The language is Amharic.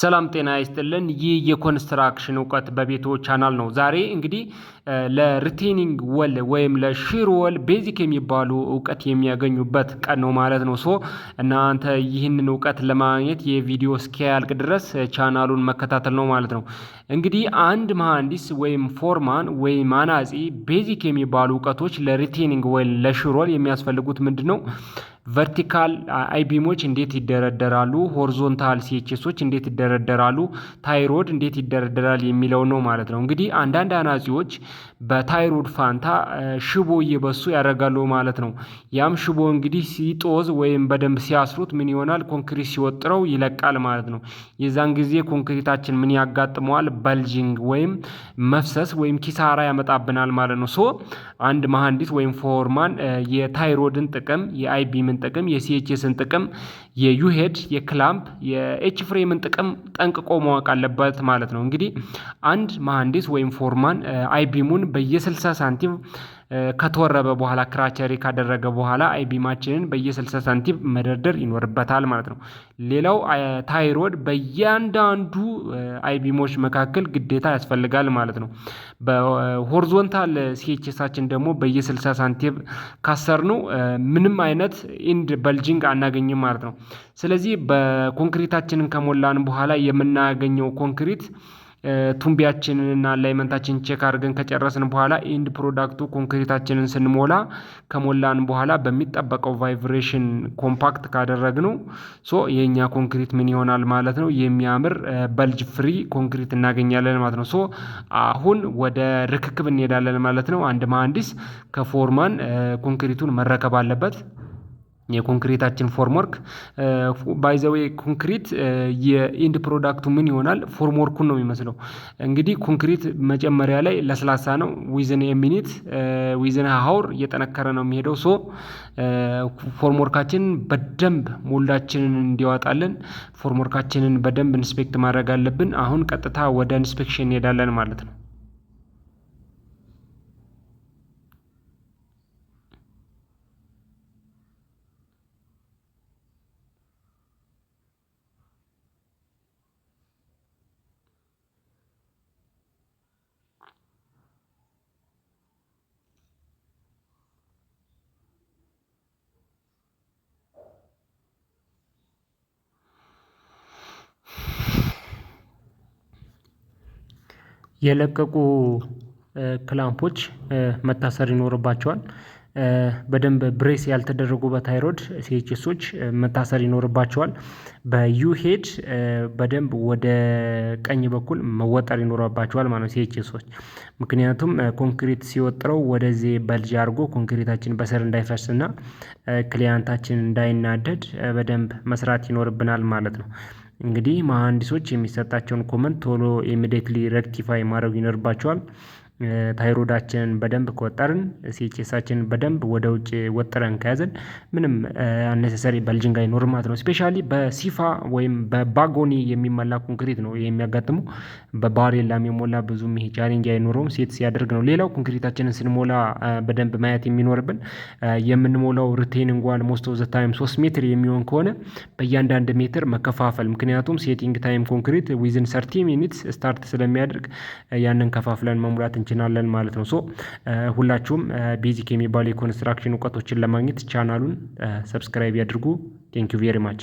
ሰላም ጤና ይስጥልን። ይህ የኮንስትራክሽን እውቀት በቤቶ ቻናል ነው። ዛሬ እንግዲህ ለሪቴኒንግ ወል ወይም ለሽር ወል ቤዚክ የሚባሉ እውቀት የሚያገኙበት ቀን ነው ማለት ነው። ሶ እናንተ ይህንን እውቀት ለማግኘት የቪዲዮ እስኪያልቅ ድረስ ቻናሉን መከታተል ነው ማለት ነው። እንግዲህ አንድ መሐንዲስ ወይም ፎርማን ወይም አናጺ ቤዚክ የሚባሉ እውቀቶች ለሪቴኒንግ ወል ለሽር ወል የሚያስፈልጉት ምንድን ነው? ቨርቲካል አይቢሞች እንዴት ይደረደራሉ፣ ሆሪዞንታል ሲኤችኤሶች እንዴት ይደረደራሉ፣ ታይሮድ እንዴት ይደረደራል የሚለው ነው ማለት ነው። እንግዲህ አንዳንድ አናጺዎች በታይሮድ ፋንታ ሽቦ እየበሱ ያደርጋሉ ማለት ነው። ያም ሽቦ እንግዲህ ሲጦዝ ወይም በደንብ ሲያስሩት ምን ይሆናል? ኮንክሪት ሲወጥረው ይለቃል ማለት ነው። የዛን ጊዜ ኮንክሪታችን ምን ያጋጥመዋል? በልጂንግ ወይም መፍሰስ ወይም ኪሳራ ያመጣብናል ማለት ነው። ሶ አንድ መሐንዲስ ወይም ፎርማን የታይሮድን ጥቅም የአይቢም ፍሬምን ጥቅም፣ የሲኤችኤስን ጥቅም፣ የዩሄድ የክላምፕ የኤች ፍሬምን ጥቅም ጠንቅቆ ማወቅ አለበት ማለት ነው። እንግዲህ አንድ መሐንዲስ ወይም ፎርማን አይቢሙን በየ60 ሳንቲም ከተወረበ በኋላ ክራቸሪ ካደረገ በኋላ አይቢማችንን በየ60 ሳንቲም መደርደር ይኖርበታል ማለት ነው። ሌላው ታይሮድ በእያንዳንዱ አይቢሞች መካከል ግዴታ ያስፈልጋል ማለት ነው። በሆሪዞንታል ሲኤችኤሳችን ደግሞ በየ60 ሳንቲም ነው ምንም አይነት ኢንድ በልጂንግ አናገኝም ማለት ነው። ስለዚህ በኮንክሪታችንን ከሞላን በኋላ የምናገኘው ኮንክሪት ቱምቢያችንን እና አላይመንታችን ቼክ አድርገን ከጨረስን በኋላ ኢንድ ፕሮዳክቱ ኮንክሪታችንን ስንሞላ ከሞላን በኋላ በሚጠበቀው ቫይብሬሽን ኮምፓክት ካደረግነው ሶ የእኛ ኮንክሪት ምን ይሆናል ማለት ነው። የሚያምር በልጅ ፍሪ ኮንክሪት እናገኛለን ማለት ነው። ሶ አሁን ወደ ርክክብ እንሄዳለን ማለት ነው። አንድ መሐንዲስ ከፎርማን ኮንክሪቱን መረከብ አለበት። የኮንክሪታችን ፎርምወርክ ባይዘዌ ኮንክሪት የኢንድ ፕሮዳክቱ ምን ይሆናል? ፎርምወርኩን ነው የሚመስለው። እንግዲህ ኮንክሪት መጀመሪያ ላይ ለስላሳ ነው። ዊዝን የሚኒት ዊዝን ሀውር እየጠነከረ ነው የሚሄደው። ሶ ፎርምወርካችንን በደንብ ሞልዳችንን እንዲያወጣልን ፎርምወርካችንን በደንብ ኢንስፔክት ማድረግ አለብን። አሁን ቀጥታ ወደ ኢንስፔክሽን እንሄዳለን ማለት ነው። የለቀቁ ክላምፖች መታሰር ይኖርባቸዋል። በደንብ ብሬስ ያልተደረጉ በታይሮድ ሲችሶች መታሰር ይኖርባቸዋል። በዩሄድ በደንብ ወደ ቀኝ በኩል መወጠር ይኖርባቸዋል ማለት ሲችሶች፣ ምክንያቱም ኮንክሪት ሲወጥረው ወደዚህ በልጅ አድርጎ ኮንክሪታችን በስር እንዳይፈስና ክሊያንታችን እንዳይናደድ በደንብ መስራት ይኖርብናል ማለት ነው። እንግዲህ መሀንዲሶች የሚሰጣቸውን ኮመንት ቶሎ ኢሚዲየትሊ ሬክቲፋይ ማድረግ ይኖርባቸዋል። ታይሮዳችንን በደንብ ከወጠርን ሲኬሳችንን በደንብ ወደ ውጭ ወጥረን ከያዘን ምንም አነሰሰሪ በልጅንግ አይኖርም ማለት ነው። ስፔሻሊ በሲፋ ወይም በባጎኒ የሚመላ ኮንክሪት ነው የሚያጋጥመው በባሬላ የሞላ ብዙም ይሄ ቻሌንጅ አይኖረውም ሴት ሲያደርግ ነው። ሌላው ኮንክሪታችንን ስንሞላ በደንብ ማየት የሚኖርብን የምንሞላው ሪቴኒንግ ዋል ሞስት ኦፍ ዘ ታይም ሶስት ሜትር የሚሆን ከሆነ በእያንዳንድ ሜትር መከፋፈል ምክንያቱም ሴቲንግ ታይም ኮንክሪት ዊዝን ሰርቲ ሚኒትስ ስታርት ስለሚያደርግ ያንን ከፋፍለን መሙላት እንችላለን እንችላለን ማለት ነው። ሶ ሁላችሁም ቤዚክ የሚባሉ የኮንስትራክሽን እውቀቶችን ለማግኘት ቻናሉን ሰብስክራይብ ያድርጉ። ቴንኪ ቬሪ ማች